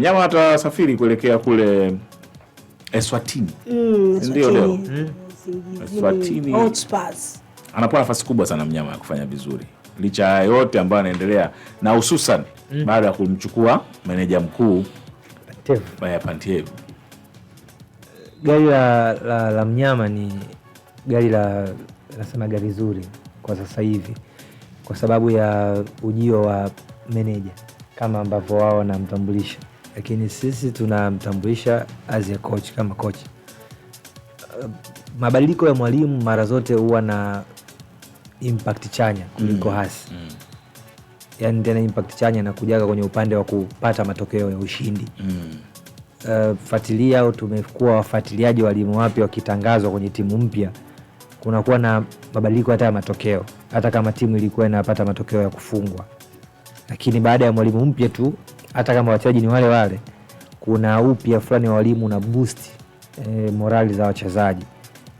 Mnyama atasafiri kuelekea kule Eswatini, mm, ndio leo Eswatini hmm. anapewa nafasi kubwa sana mnyama ya kufanya vizuri licha ya yote ambayo anaendelea na hususan mm. baada ya kumchukua meneja mkuu eh, Pantev. Gari la, la, la mnyama ni gari la nasema gari zuri kwa sasa hivi kwa sababu ya ujio wa meneja kama ambavyo wao wanamtambulisha lakini sisi tunamtambulisha as a coach, kama coach. Mabadiliko ya mwalimu mara zote huwa na impact chanya kuliko mm. hasi mm. Yani tena impact chanya na kujaga kwenye upande wa kupata matokeo ya ushindi mm. Uh, fatilia au tumekuwa wafuatiliaji walimu wapya wakitangazwa kwenye timu mpya, kunakuwa na mabadiliko hata ya matokeo, hata kama timu ilikuwa inapata matokeo ya kufungwa, lakini baada ya mwalimu mpya tu hata kama wachezaji ni wale wale, kuna upya fulani wa walimu na boost e, morali za wachezaji.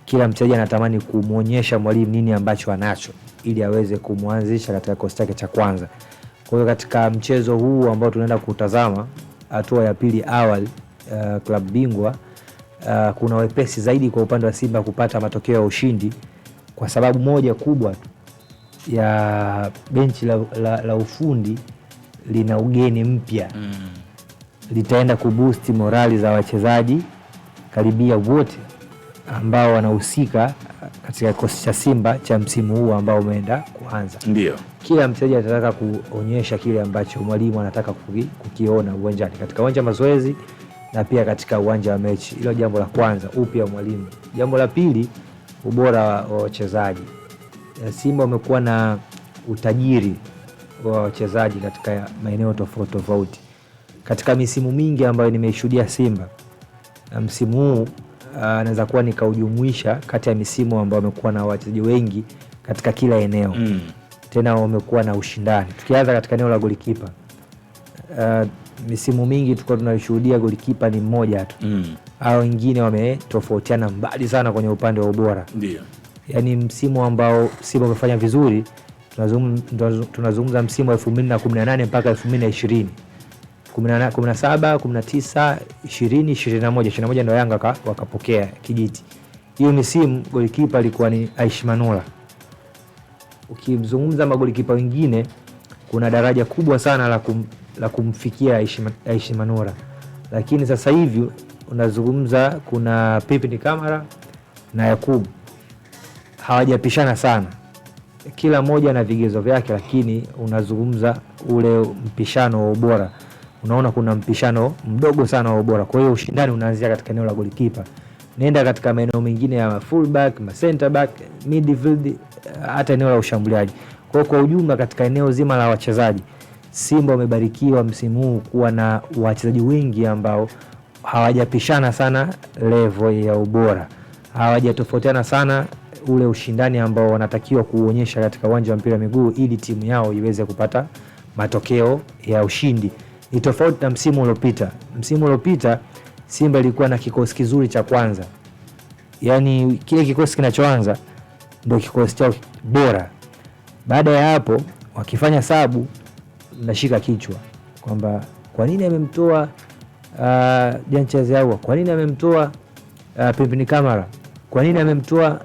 Kila mchezaji anatamani kumwonyesha mwalimu nini ambacho anacho ili aweze kumwanzisha katika kikosi chake cha kwanza. Kwa hiyo katika mchezo huu ambao tunaenda kutazama hatua ya pili awali, uh, eh, klabu bingwa uh, kuna wepesi zaidi kwa upande wa Simba kupata matokeo ya ushindi kwa sababu moja kubwa ya benchi la, la, la ufundi lina ugeni mpya mm. litaenda kubusti morali za wachezaji karibia wote ambao wanahusika katika kikosi cha Simba cha msimu huu ambao umeenda kuanza. Ndio kila mchezaji anataka kuonyesha kile ambacho mwalimu anataka kukiona uwanjani, katika uwanja wa mazoezi na pia katika uwanja wa mechi. Hilo jambo la kwanza, upya mwalimu. Jambo la pili, ubora wa wachezaji. Eh, Simba wamekuwa na utajiri wa wachezaji katika maeneo tofauti tofauti. Katika misimu mingi ambayo nimeishuhudia Simba na msimu huu anaweza ah, kuwa nikaujumuisha kati ya misimu ambayo wamekuwa na wachezaji wengi katika kila eneo mm. Tena wamekuwa na ushindani. Tukianza katika eneo la golikipa uh, misimu mingi tulikuwa tunashuhudia golikipa ni mmoja tu mm. au wengine wametofautiana mbali sana kwenye upande wa ubora. Ndio, yaani msimu ambao Simba wamefanya vizuri tunazungumza msimu wa 2018 mpaka 2020, 17, 19, 20, 21. 21 ndo Yanga wakapokea kijiti. Hiyo misimu golikipa alikuwa ni Aishi Manula. Ukimzungumza magolikipa wengine, kuna daraja kubwa sana la, kum, la kumfikia Aishi Manula, lakini sasa hivi unazungumza kuna Pipi ni Kamara na Yakubu hawajapishana sana kila moja na vigezo vyake, lakini unazungumza ule mpishano wa ubora, unaona kuna mpishano mdogo sana wa ubora. Kwa hiyo ushindani unaanzia katika eneo la golikipa, nenda katika maeneo mengine ya fullback, ma center back, midfield, eh, hata eneo la ushambuliaji. Kwa hiyo kwa ujumla, katika eneo zima la wachezaji, Simba wamebarikiwa msimu huu kuwa na wachezaji wengi ambao hawajapishana sana level ya ubora, hawajatofautiana sana ule ushindani ambao wanatakiwa kuuonyesha katika uwanja wa mpira wa miguu ili timu yao iweze kupata matokeo ya ushindi. Ni tofauti na msimu uliopita. Msimu uliopita Simba ilikuwa na kikosi kizuri cha kwanza, yaani kile kikosi kinachoanza ndio kikosi chao bora. Baada ya hapo, wakifanya sabu mnashika kichwa kwamba kwa nini amemtoa ah, Jean Ahoua, kwa nini amemtoa uh, ah, Pimpini Kamara, kwa nini amemtoa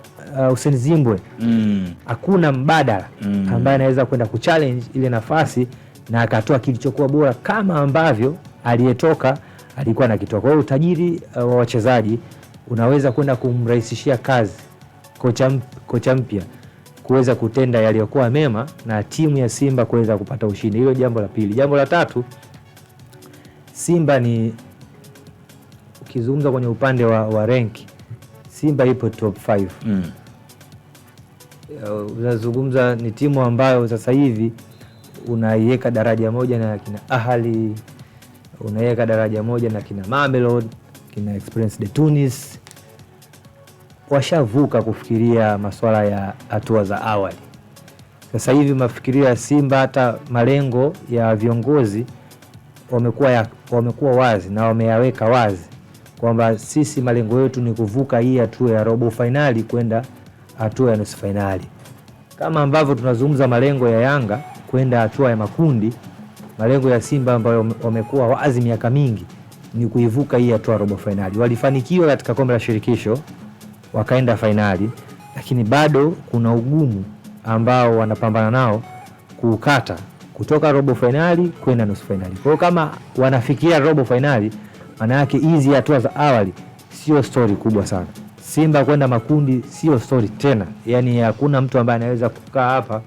uh, Zimbwe mm. hakuna mbadala mm. ambaye anaweza kwenda kuchallenge ile nafasi na akatoa kilichokuwa bora kama ambavyo aliyetoka alikuwa nakitoa. Kwa hiyo utajiri uh, wa uh, wachezaji unaweza kwenda kumrahisishia kazi kocha, kocha mpya kuweza kutenda yaliyokuwa mema na timu ya Simba kuweza kupata ushindi. Hilo jambo la pili. Jambo la tatu, Simba ni ukizungumza kwenye upande wa, wa renki Simba ipo top 5. Mm. Eh, unazungumza ni timu ambayo sasa hivi unaiweka daraja moja na kina ahali unaiweka daraja moja na kina Mamelodi, kina Experience de Tunis. Washavuka kufikiria masuala ya hatua za awali. Sasa hivi mafikirio ya Simba, hata malengo ya viongozi wamekuwa wamekuwa wazi na wameyaweka wazi kwamba sisi malengo yetu ni kuvuka hii hatua ya robo fainali kwenda hatua ya nusu fainali. Kama ambavyo tunazungumza malengo ya Yanga kwenda hatua ya makundi, malengo ya Simba ambayo wamekuwa wazi miaka mingi ni kuivuka hii hatua robo fainali. Walifanikiwa katika kombe la shirikisho wakaenda fainali, lakini bado kuna ugumu ambao wanapambana nao kuukata kutoka robo fainali kwenda nusu fainali. Kwa hiyo kama wanafikia robo fainali, maana yake hizi hatua za awali sio stori kubwa sana. Simba kwenda makundi sio stori tena, yani hakuna mtu ambaye anaweza kukaa hapa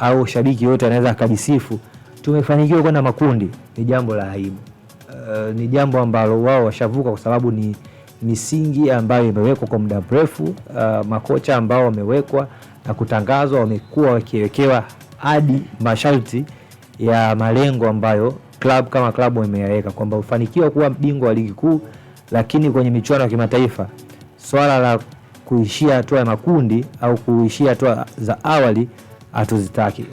au shabiki yote anaweza akajisifu tumefanikiwa kwenda makundi. Ni jambo la aibu. Uh, ni jambo ambalo wao washavuka kwa sababu ni misingi ambayo imewekwa kwa muda mrefu. Uh, makocha ambao wamewekwa na kutangazwa wamekuwa wakiwekewa hadi masharti ya malengo ambayo klabu kama klabu imeyaweka kwamba ufanikiwa kuwa bingwa wa ligi kuu, lakini kwenye michuano ya kimataifa swala la kuishia hatua ya makundi au kuishia hatua za awali hatuzitaki.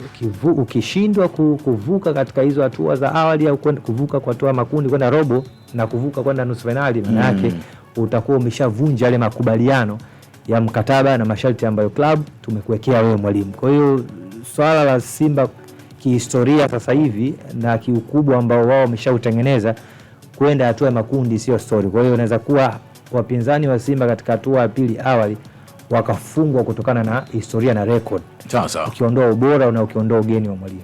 Ukishindwa kuvuka katika hizo hatua za awali au kuvuka kwa hatua makundi kwenda robo na kuvuka kwenda nusu fainali, maana mm. yake utakuwa umeshavunja yale makubaliano ya mkataba na masharti ambayo club tumekuwekea wewe mwalimu. Kwa hiyo swala la Simba kihistoria sasa hivi na kiukubwa ambao wao wameshautengeneza kwenda hatua ya makundi sio stori. Kwa hiyo inaweza kuwa wapinzani wa Simba katika hatua ya pili awali wakafungwa kutokana na historia na rekod ukiondoa ubora na ukiondoa ugeni wa mwalimu.